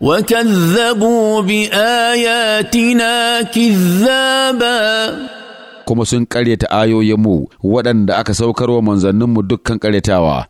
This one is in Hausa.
وكذبوا بآياتنا كذابا kuma sun ƙaryata ayoyinmu waɗanda aka saukarwa manzanninmu dukkan ƙaryatawa